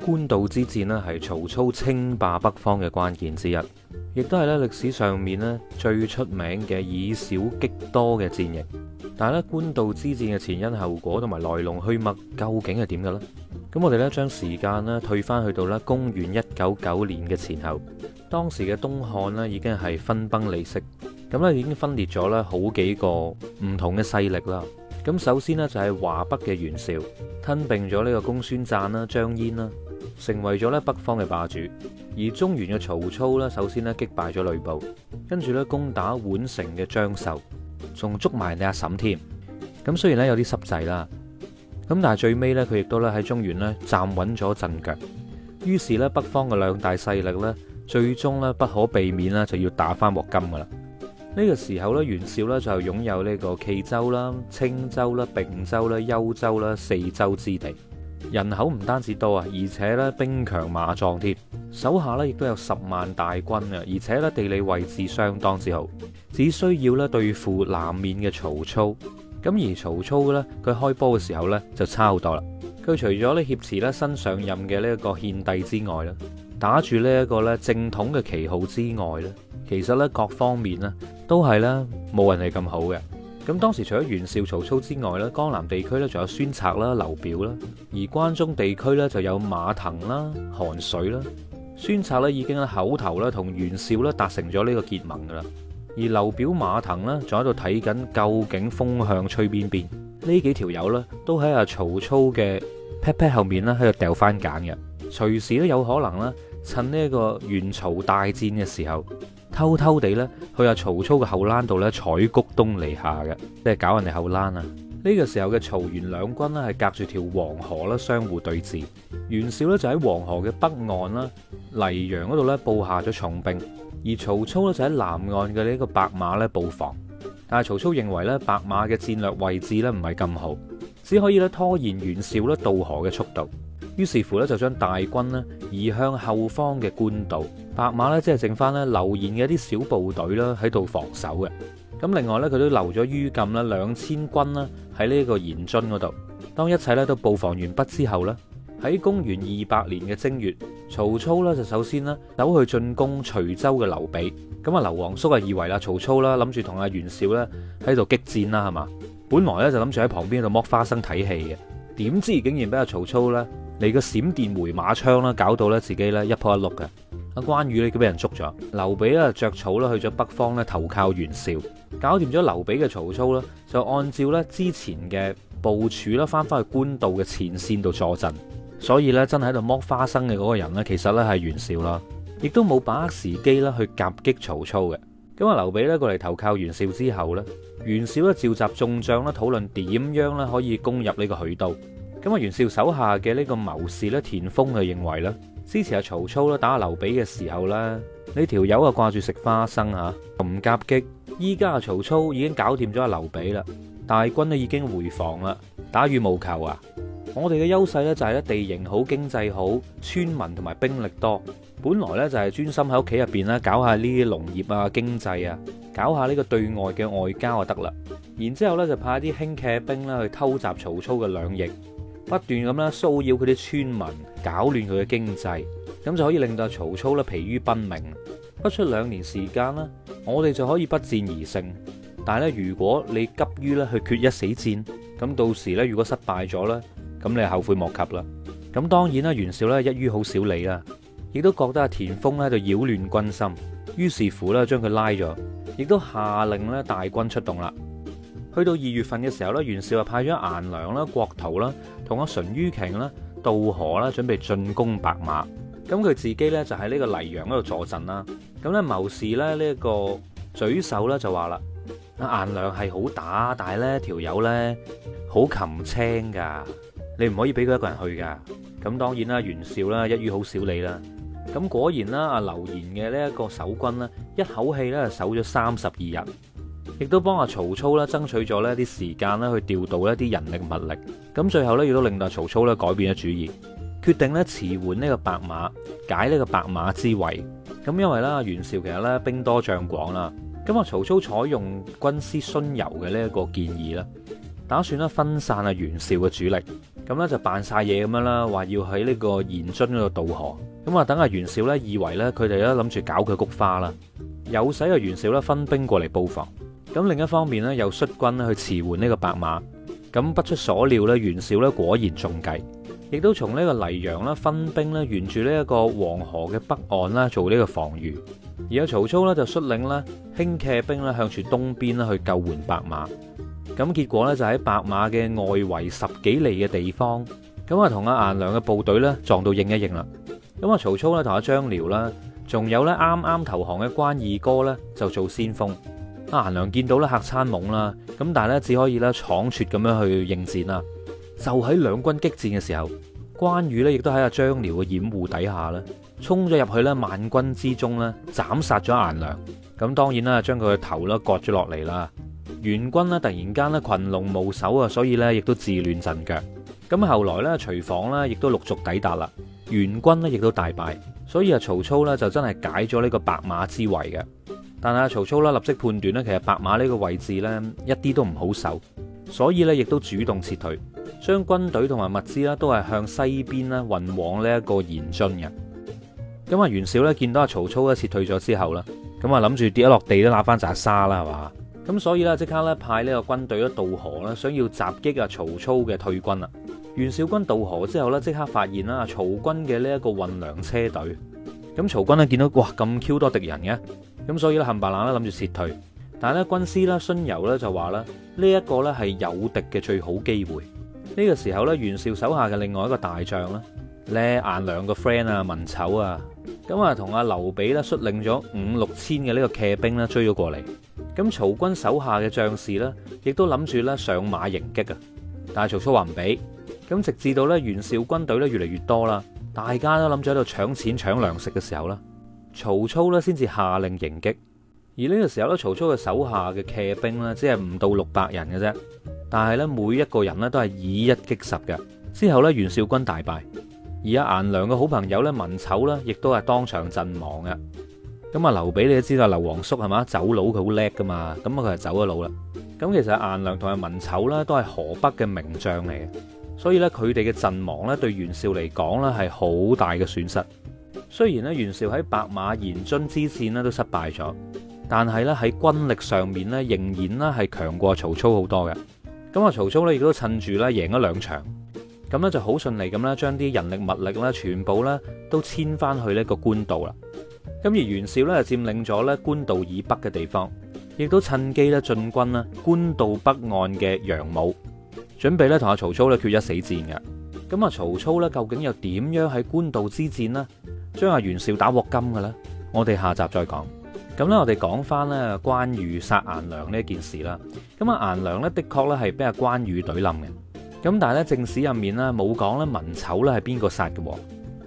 官渡之戰咧，係曹操稱霸北方嘅關鍵之一，亦都係咧歷史上面咧最出名嘅以少擊多嘅戰役。但係咧官渡之戰嘅前因後果同埋來龍去脈究竟係點嘅呢？咁我哋咧將時間咧退翻去到咧公元一九九年嘅前後，當時嘅東漢咧已經係分崩離析，咁咧已經分裂咗咧好幾個唔同嘅勢力啦。咁首先呢，就係華北嘅袁紹吞併咗呢個公孫瓚啦、張燕啦。成為咗咧北方嘅霸主，而中原嘅曹操咧，首先咧擊敗咗呂布，跟住咧攻打宛城嘅張繡，仲捉埋你阿嬸添。咁雖然咧有啲濕滯啦，咁但係最尾咧佢亦都咧喺中原咧站穩咗陣腳。於是咧北方嘅兩大勢力咧，最終咧不可避免啦，就要打翻鑊金噶啦。呢、這個時候咧，袁紹咧就擁有呢個冀州啦、青州啦、并州啦、幽州啦四州之地。人口唔單止多啊，而且咧兵強馬壯添，手下咧亦都有十萬大軍啊，而且咧地理位置相當之好，只需要咧對付南面嘅曹操。咁而曹操咧，佢開波嘅時候咧就差好多啦。佢除咗咧挾持咧新上任嘅呢一個獻帝之外啦，打住呢一個咧正統嘅旗號之外咧，其實咧各方面呢都係咧冇人係咁好嘅。咁當時除咗袁紹、曹操之外咧，江南地區咧仲有孫策啦、劉表啦；而關中地區咧就有馬騰啦、韓遂啦。孫策咧已經喺口頭咧同袁紹咧達成咗呢個結盟噶啦。而劉表、馬騰咧仲喺度睇緊究竟風向吹邊邊。呢幾條友咧都喺阿曹操嘅 pat pat 後面咧喺度掉番揀嘅，隨時都有可能咧趁呢個袁曹大戰嘅時候。偷偷地咧去阿曹操嘅後欄度咧採菊東籬下嘅，即係搞人哋後欄啊！呢個時候嘅曹袁兩軍呢，係隔住條黃河啦，相互對峙。袁紹呢，就喺黃河嘅北岸啦，黎陽嗰度咧布下咗重兵，而曹操呢，就喺南岸嘅呢個白馬咧布防。但係曹操認為咧白馬嘅戰略位置咧唔係咁好，只可以咧拖延袁紹咧渡河嘅速度。於是乎咧，就將大軍咧移向後方嘅官渡，白馬咧即係剩翻咧劉延嘅一啲小部隊啦，喺度防守嘅。咁另外咧，佢都留咗於禁啦兩千軍啦喺呢個延津嗰度。當一切咧都布防完畢之後咧，喺公元二百年嘅正月，曹操咧就首先咧走去進攻徐州嘅劉備。咁啊，劉皇叔啊，以為啦曹操啦，諗住同阿袁紹咧喺度激戰啦，係嘛？本來咧就諗住喺旁邊度剝花生睇戲嘅，點知竟然俾阿曹操咧～嚟個閃電回馬槍啦，搞到咧自己咧一仆一碌嘅。阿關羽咧佢俾人捉咗，劉備咧著草啦去咗北方咧投靠袁紹，搞掂咗劉備嘅曹操啦，就按照咧之前嘅部署啦翻返去官渡嘅前線度坐陣。所以咧真係喺度剝花生嘅嗰個人咧，其實咧係袁紹啦，亦都冇把握時機啦去夾擊曹操嘅。咁啊，劉備咧過嚟投靠袁紹之後咧，袁紹咧召集眾將咧討論點樣咧可以攻入呢個許都。咁啊！袁紹手下嘅呢個謀士咧，田豐就認為呢，之前阿曹操啦，打阿劉備嘅時候呢，呢條友啊掛住食花生吓，唔夾擊。依家阿曹操已經搞掂咗阿劉備啦，大軍都已經回防啦。打羽毛球啊，我哋嘅優勢呢，就係咧地形好，經濟好，村民同埋兵力多。本來呢，就係專心喺屋企入邊啦，搞下呢啲農業啊，經濟啊，搞下呢個對外嘅外交就得啦。然之後咧就派啲輕騎兵呢，去偷襲曹操嘅兩翼。不斷咁啦，騷擾佢啲村民，搞亂佢嘅經濟，咁就可以令到曹操咧疲於奔命。不出兩年時間啦，我哋就可以不戰而勝。但係咧，如果你急於咧去決一死戰，咁到時咧如果失敗咗咧，咁你就後悔莫及啦。咁當然啦，袁紹呢一於好小李啦，亦都覺得阿田豐喺度擾亂軍心，於是乎咧將佢拉咗，亦都下令咧大軍出動啦。去到二月份嘅時候咧，袁紹就派咗顏良啦、郭圖啦，同阿淳于瓊啦渡河啦，準備進攻白馬。咁佢自己呢，就喺呢個黎陽嗰度坐鎮啦。咁呢，謀士咧呢一個沮授咧就話啦：阿顏良係好打，但係呢條友、這個、呢，好擒青㗎，你唔可以俾佢一個人去㗎。咁當然啦，袁紹啦一於好少理啦。咁果然啦，阿、啊、劉延嘅呢一個守軍呢，一口氣咧守咗三十二日。亦都幫阿曹操啦爭取咗呢啲時間啦，去調度咧一啲人力物力。咁最後咧亦都令到曹操咧改變咗主意，決定咧馳援呢個白馬解呢個白馬之圍。咁因為啦，袁紹其實咧兵多將廣啦。咁阿曹操採用軍師荀攸嘅呢一個建議啦，打算咧分散阿袁紹嘅主力。咁咧就扮晒嘢咁樣啦，話要喺呢個延津嗰度渡河。咁啊，等阿袁紹咧以為咧佢哋咧諗住搞佢菊花啦，有使阿袁紹咧分兵過嚟布防。咁另一方面咧，又率軍咧去馳援呢個白馬。咁不出所料咧，袁紹咧果然中計，亦都從呢個黎陽啦分兵咧，沿住呢一個黃河嘅北岸啦做呢個防御。而阿曹操咧就率領咧輕騎兵咧向住東邊啦去救援白馬。咁結果咧就喺白馬嘅外圍十幾里嘅地方，咁啊同阿顏良嘅部隊咧撞到應一應啦。咁阿曹操咧同阿張遼啦，仲有咧啱啱投降嘅關二哥咧就做先鋒。阿顏良見到咧，吓餐懵啦，咁但係咧只可以咧，倉促咁樣去應戰啦。就喺兩軍激戰嘅時候，關羽呢亦都喺阿張遼嘅掩護底下呢，衝咗入去咧萬軍之中咧，斬殺咗顏良。咁當然啦，將佢嘅頭啦割咗落嚟啦。袁軍呢突然間咧群龍無首啊，所以咧亦都自亂陣腳。咁後來咧徐晃呢亦都陸續抵達啦，袁軍呢亦都大敗。所以啊，曹操呢就真係解咗呢個白馬之圍嘅。但係曹操啦，立即判斷咧，其實白馬呢個位置咧一啲都唔好守，所以咧亦都主動撤退，將軍隊同埋物資啦都係向西邊啦運往呢一個延津嘅。咁啊，袁紹咧見到阿曹操咧撤退咗之後啦，咁啊諗住跌一落地都揦番揸沙啦，係嘛？咁所以呢，即刻咧派呢個軍隊咧渡河啦，想要襲擊阿曹操嘅退軍啦。袁紹軍渡河之後咧，即刻發現啦，曹軍嘅呢一個運糧車隊。咁曹軍咧見到哇咁 Q 多敵人嘅。咁所以咧冚白冷啦，諗住撤退，但係咧軍師啦荀攸咧就話啦，呢一個咧係誘敵嘅最好機會。呢個時候咧袁紹手下嘅另外一個大將咧，咧顏良個 friend 啊文醜啊，咁啊同阿劉備咧率領咗五六千嘅呢個騎兵咧追咗過嚟。咁曹軍手下嘅將士咧，亦都諗住咧上馬迎擊啊。但係曹操話唔俾。咁直至到咧袁紹軍隊咧越嚟越多啦，大家都諗住喺度搶錢搶糧食嘅時候啦。曹操呢先至下令迎擊，而呢個時候呢，曹操嘅手下嘅騎兵呢，只係唔到六百人嘅啫。但係呢每一個人呢都係以一擊十嘅。之後呢袁紹軍大敗，而阿顏良嘅好朋友呢，文醜呢，亦都係當場陣亡嘅。咁啊，劉備你都知道，劉皇叔係嘛走佬，佢好叻噶嘛。咁啊，佢係走咗佬啦。咁其實顏良同埋文醜呢，都係河北嘅名將嚟嘅，所以呢，佢哋嘅陣亡呢，對袁紹嚟講呢，係好大嘅損失。雖然咧袁紹喺白馬延津之戰咧都失敗咗，但係咧喺軍力上面咧仍然啦係強過曹操好多嘅。咁啊曹操咧亦都趁住咧贏咗兩場，咁咧就好順利咁咧將啲人力物力咧全部咧都遷翻去呢個官渡啦。咁而袁紹咧佔領咗咧官渡以北嘅地方，亦都趁機咧進軍啦官渡北岸嘅楊武，準備咧同阿曹操咧決一死戰嘅。咁啊，曹操咧，究竟又點樣喺官道渡之戰呢？將阿袁紹打鑊金嘅咧？我哋下集再講。咁咧，我哋講翻咧關羽殺顏良呢一件事啦。咁啊，顏良咧的確咧係俾阿關羽懟冧嘅。咁但係咧正史入面咧冇講咧文丑咧係邊個殺嘅。咁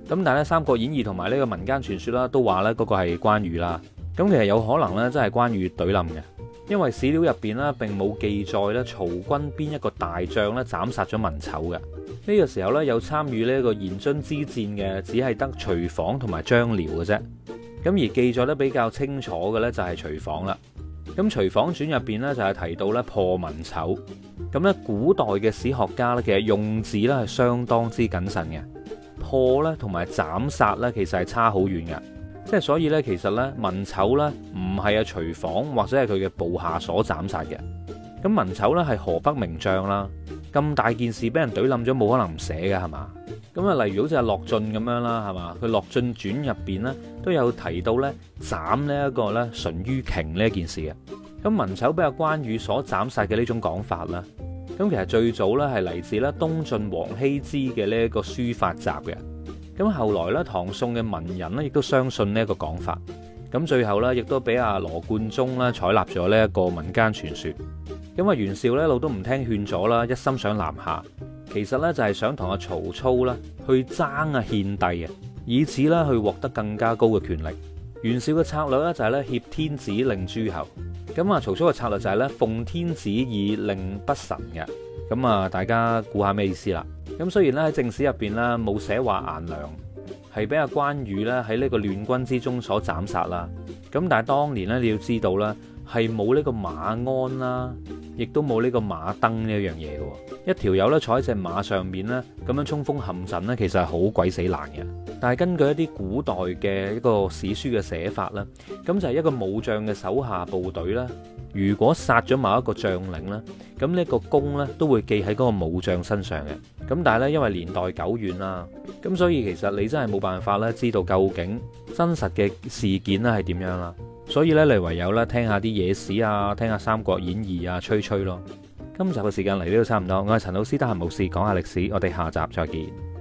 但係咧《三國演義》同埋呢個民間傳說啦，都話咧嗰個係關羽啦。咁其實有可能咧，真係關羽懟冧嘅。因為史料入邊咧，並冇記載咧曹軍邊一個大將咧斬殺咗文醜嘅。呢個時候咧，有參與呢一個延津之戰嘅，只係得徐晃同埋張遼嘅啫。咁而記載得比較清楚嘅咧，就係徐晃啦。咁《徐晃傳》入邊咧就係提到咧破文醜。咁咧古代嘅史學家咧，其實用字咧係相當之謹慎嘅。破咧同埋斬殺咧，其實係差好遠嘅。即係所以呢，其實呢，文醜呢唔係阿徐晃，或者係佢嘅部下所斬殺嘅。咁文醜呢係河北名將啦，咁大件事俾人懟冧咗，冇可能唔寫嘅係嘛？咁啊，例如好似阿樂進咁樣啦，係嘛？佢《樂進傳》入邊呢都有提到呢斬呢一個呢淳於瓊呢件事嘅。咁文醜俾阿關羽所斬殺嘅呢種講法咧，咁其實最早呢係嚟自呢東晉王羲之嘅呢一個書法集嘅。咁後來咧，唐宋嘅文人咧，亦都相信呢一個講法。咁最後咧，亦都俾阿羅貫中啦採納咗呢一個民間傳說。咁啊，袁紹一路都唔聽勸阻啦，一心想南下。其實咧就係想同阿曹操啦去爭阿獻帝啊，以此啦去獲得更加高嘅權力。袁紹嘅策略咧就係咧挾天子令諸侯。咁啊，曹操嘅策略就係咧奉天子以令不臣嘅。咁啊，大家估下咩意思啦？咁雖然咧喺正史入邊咧冇寫話顏良係俾阿關羽咧喺呢個亂軍之中所斬殺啦，咁但係當年咧你要知道咧係冇呢個馬鞍啦，亦都冇呢個馬鐙呢一樣嘢嘅。一條友咧坐喺隻馬上面咧，咁樣衝鋒陷陣咧，其實係好鬼死難嘅。但係根據一啲古代嘅一個史書嘅寫法咧，咁就係一個武將嘅手下部隊啦。如果殺咗某一個將領呢，咁呢一個功呢，都會記喺嗰個武將身上嘅。咁但係呢，因為年代久遠啦，咁所以其實你真係冇辦法咧知道究竟真實嘅事件咧係點樣啦。所以呢，你唯有咧聽下啲野史啊，聽下《三國演義》啊，吹吹咯。今集嘅時間嚟呢度差唔多，我係陳老師，得閒無事講下歷史，我哋下集再見。